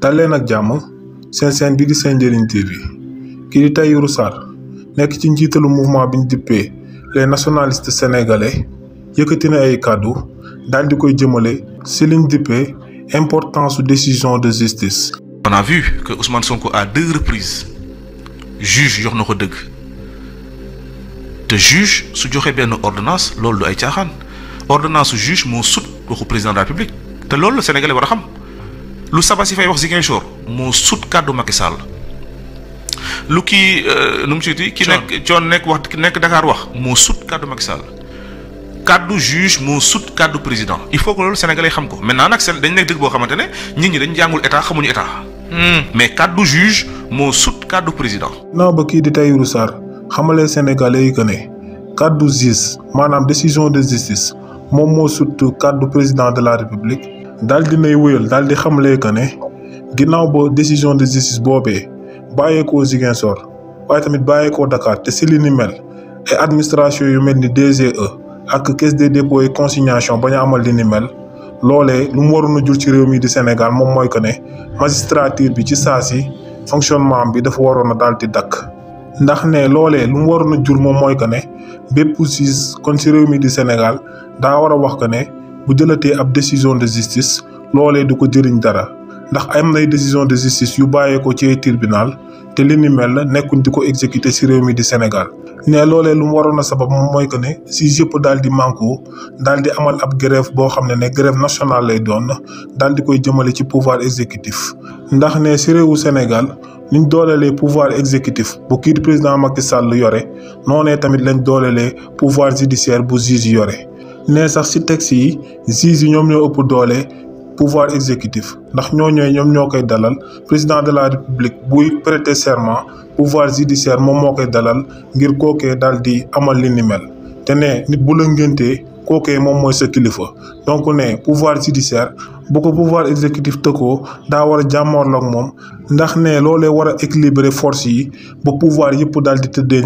Talène leen ak jàmm seen seen bi di seen njëriñ TV ki di ci mouvement biñ dippé les nationalistes sénégalais yëkëti na ay kàddu dal di koy jëmale liñ importance de décision de justice. on a vu que Ousmane Sonko a deux reprises juge jox na de te juge su joxé ben ordonnance loolu du ay tiaxan ordonnance juge moo sut waxu président de la République te loolu Sénégalais wara xam lu Sabassy fay wax Ziguinchor moo mo sout Macky Sall lu euh, ki nu ci siy ki nek coon nek wax nek Dakar wax mo sout kàddu Macky Sall juge mo sout kàddu président il faut que loolu sénégalais xam ko maintenant nak seen dañ nekk dëgg boo xamante nit ñi dañ jangul état xamuñu état. Hmm. mais kàddu juge mo sout kàddu président. non ba ki di Tahirou Sarr xamalé sénégalais yi que ne kàddu juge manam décision de justice moom mo sout kàddu président de la république. daal di nay wuyal daal di xamle que ne ginnaaw ba décision de justice boobee bàyyeekoo Ziguinchor waaye tamit bàyyeekoo Dakar te si li ni mel ay administration yu mel ni DGE ak caisse des dépôts et consignation bañ a amal li ni mel loole lu mu waroon a jur ci réew mi di Sénégal moom mooy que ne magistrature bi ci saa si fonctionnement bi dafa waroon a daal di dakk ndax ne loole lu mu waroon a jur moom mooy que ne bépp siis kon ci réew mi di Sénégal daa war a wax que ne. bu jëlatee ab décision de justice loolee du ko jëriñ dara ndax am nay décision de justice yu bàyyee ko ci ay tribunal te li ni mel nekkuñ di ko exécuter ci réew mi di Sénégal ne loolee lu mu waroon a sabab moom mooy que ne si yëpp daal di manko dal di amal ab grève boo xam ne ne grève nationale lay doon daal di koy jëmale ci pouvoir exécutif. ndax ne si réewu Sénégal niñ doolelee pouvoir exécutif bu kii président Macky Sall yore noonee tamit lañ doolelee pouvoir judiciaire bu juge yore ne sax si texte yi juge yi ñoom ñoo ëpp doole. pouvoir exécutif ndax ñoño ñom président de la république buy serment pouvoir judiciaire mom dalal ngir amal li ni mel te né nit bu la pouvoir judiciaire bu pouvoir exécutif tëkkoo daa war a moom ndax war équilibrer force pouvoir yépp di